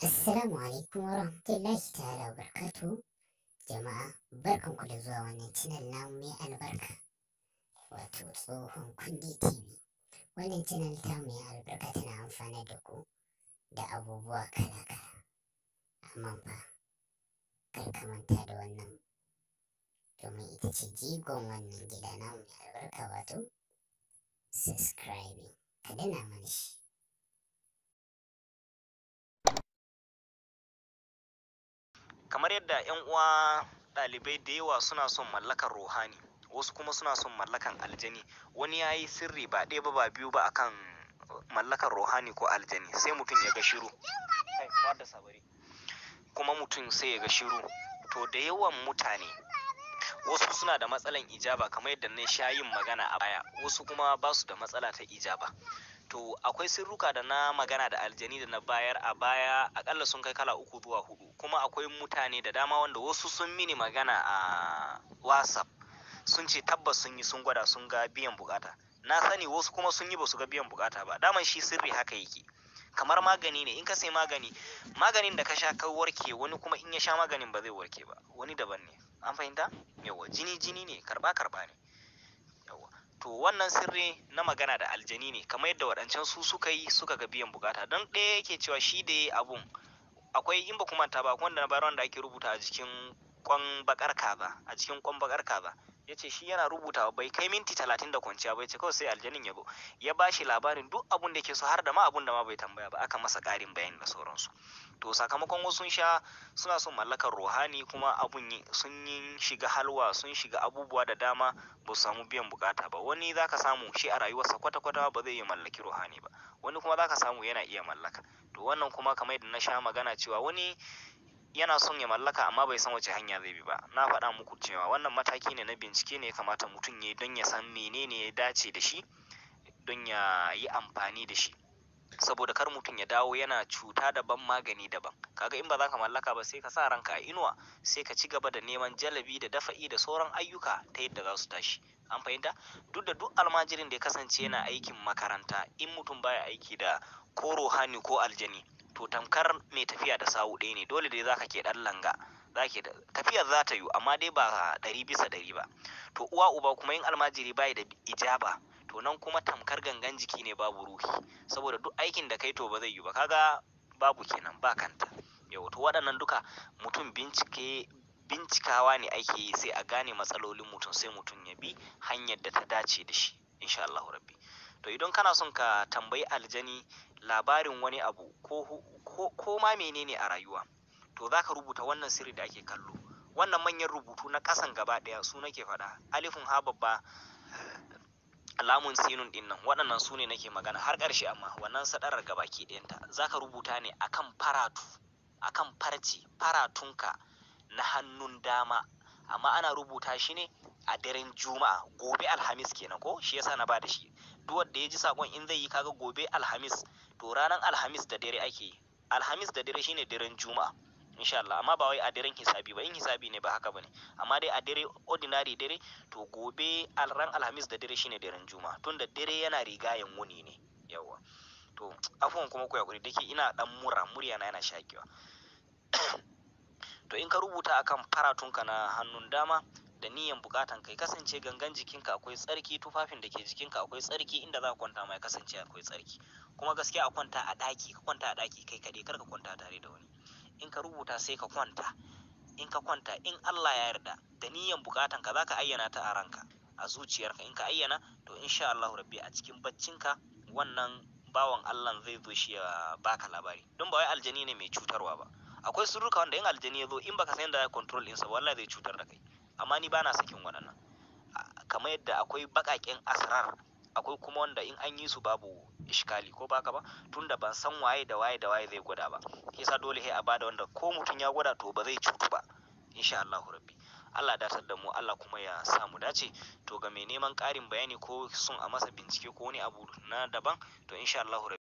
Assalamu alaikum wa rahmatullahi ta'ala wa barakatu jama'a barkanku da zuwa wannan channel namu mai albarka wato tsohon kundi TV wannan channel ta mai albarka tana amfana da ku da abubuwa kala-kala amma fa kar ka manta da wannan domin ita ce jigon wannan gida namu mai albarka wato subscribing ka dana mana shi kamar yadda 'yan uwa ɗalibai da yawa suna son mallakar ruhani wasu kuma suna son mallakan aljani wani ya yi sirri ba ɗaya ba ba biyu ba akan mallakar ruhani ko aljani sai mutum ya ga shiru kuma mutum sai ya ga shiru to da yawan mutane wasu suna da matsalan ijaba kamar yadda na sha yin magana a baya wasu kuma ba su da matsala ta ijaba to akwai sirruka da na magana da aljani da na bayar a baya akalla sun kai kala uku zuwa hudu kuma akwai mutane da dama wanda wasu sun mini magana a whatsapp sun ce tabbas sun yi sun gwada sun ga biyan bukata na sani wasu kuma sun yi ba su ga biyan bukata ba daman shi sirri haka yake kamar magani ne in ka sai magani maganin da ka sha ka warke wani kuma in ya sha maganin ba zai warke ba wani daban ne an fahimta yawa jini jini ne karba karba ne to wannan sirri na magana da aljani ne kamar yadda waɗancan su suka yi suka ga biyan bukata don ɗaya yake cewa shi da ya abun akwai in ba kuma ta ba wanda na bayar wanda ake rubuta a jikin kwan bakar kaza a jikin kwan bakar kaza ya ce shi yana rubuta bai kai minti talatin da kwanciya bai ce kawai sai aljanin ya ya ba shi labarin duk abun da ke so har da ma abun da ma bai tambaya ba aka masa ƙarin bayani da sauransu to sakamakon wasu sha suna son mallakar ruhani kuma abun sun yi shiga halwa sun shiga abubuwa da dama ba su samu biyan bukata ba wani zaka samu shi a rayuwarsa kwata-kwata ba zai iya mallaki ruhani ba wani kuma zaka samu yana iya mallaka to wannan kuma kamar yadda na sha magana cewa wani yana son ya mallaka amma bai san wace hanya zai bi ba na faɗa muku cewa wannan mataki ne na bincike ne ya kamata mutum ya yi don ya san menene ya dace da shi don ya yi amfani da shi saboda kar mutum ya dawo yana cuta daban magani daban kaga in ba za ka mallaka ba sai ka sa ranka a inuwa sai ka ci gaba da neman jalabi da dafa'i da sauran ayyuka ta yadda za su tashi an fahimta duk da duk almajirin da ya kasance yana aikin makaranta in mutum baya aiki da ko ruhani ko aljani to tamkar mai tafiya da sawu ɗaya ne dole dai zaka ke ɗan langa zaki da tafiyar za ta yiwu amma dai ba ɗari bisa ɗari ba to uwa uba kuma yin almajiri bai da ijaba to nan kuma tamkar gangan jiki ne babu ruhi saboda duk aikin da kai to ba zai yiwu ba kaga babu kenan ba kanta yau to waɗannan duka mutum bincike bincikawa ne ake yi sai a gane matsalolin mutum sai mutum ya bi hanyar da ta dace da shi insha Allah rabbi to idan kana son ka tambayi aljani labarin wani abu ko, ko, ma menene a rayuwa to za ka rubuta wannan sirri da ake kallo wannan manyan rubutu na kasan gaba ɗaya su nake faɗa alifin ha babba alamun sinun ɗin waɗannan su ne nake magana har ƙarshe amma wannan sadarar gaba gabaki ɗayanta za ka rubuta ne akan faratu akan farce faratunka na hannun dama amma ana rubuta shi ne a daren juma'a gobe alhamis kenan ko shi yasa na bada shi duk wanda ya ji sakon in zai yi kaga gobe alhamis to ranar alhamis da dare ake yi alhamis da dare shine daren juma'a insha Allah amma ba wai a daren hisabi ba in hisabi ne ba haka bane amma dai a dare ordinary dare to gobe alran alhamis da dare shine daren juma'a tunda dare yana rigayen wuni ne yawa to afuwan kuma ku yakuri dake ina dan mura murya na yana shakewa to in ka rubuta akan faratunka na hannun dama da niyan bukatan kai kasance gangan jikinka akwai tsarki tufafin da ke jikinka akwai tsarki inda za ka kwanta mai kasance akwai tsarki kuma gaskiya a kwanta a daki ka kwanta a daki kai kaɗai kar ka kwanta tare da wani in ka rubuta sai ka kwanta in ka kwanta in Allah ya yarda da niyan bukatan ka zaka ayyana ta a ranka a zuciyarka in ka ayyana to insha Allah rabbi a cikin baccinka wannan bawan Allah zai zo shi ya baka labari don ba wai aljani ne mai cutarwa ba akwai surruka wanda in aljani ya zo in baka san yadda ya control ɗinsa wallahi zai cutar da kai amma ni bana sakin waɗannan kamar yadda akwai baƙaƙen asrar akwai kuma wanda in an yi su babu ishkali ko baka ba tunda ban san waye da waye da waye zai gwada ba yasa dole sai a bada wanda ko mutum ya gwada to ba zai cutu ba insha Allah rabbi Allah datar da mu Allah kuma ya sa mu dace to ga mai neman ƙarin bayani ko sun a masa bincike ko wani abu na daban to insha Allah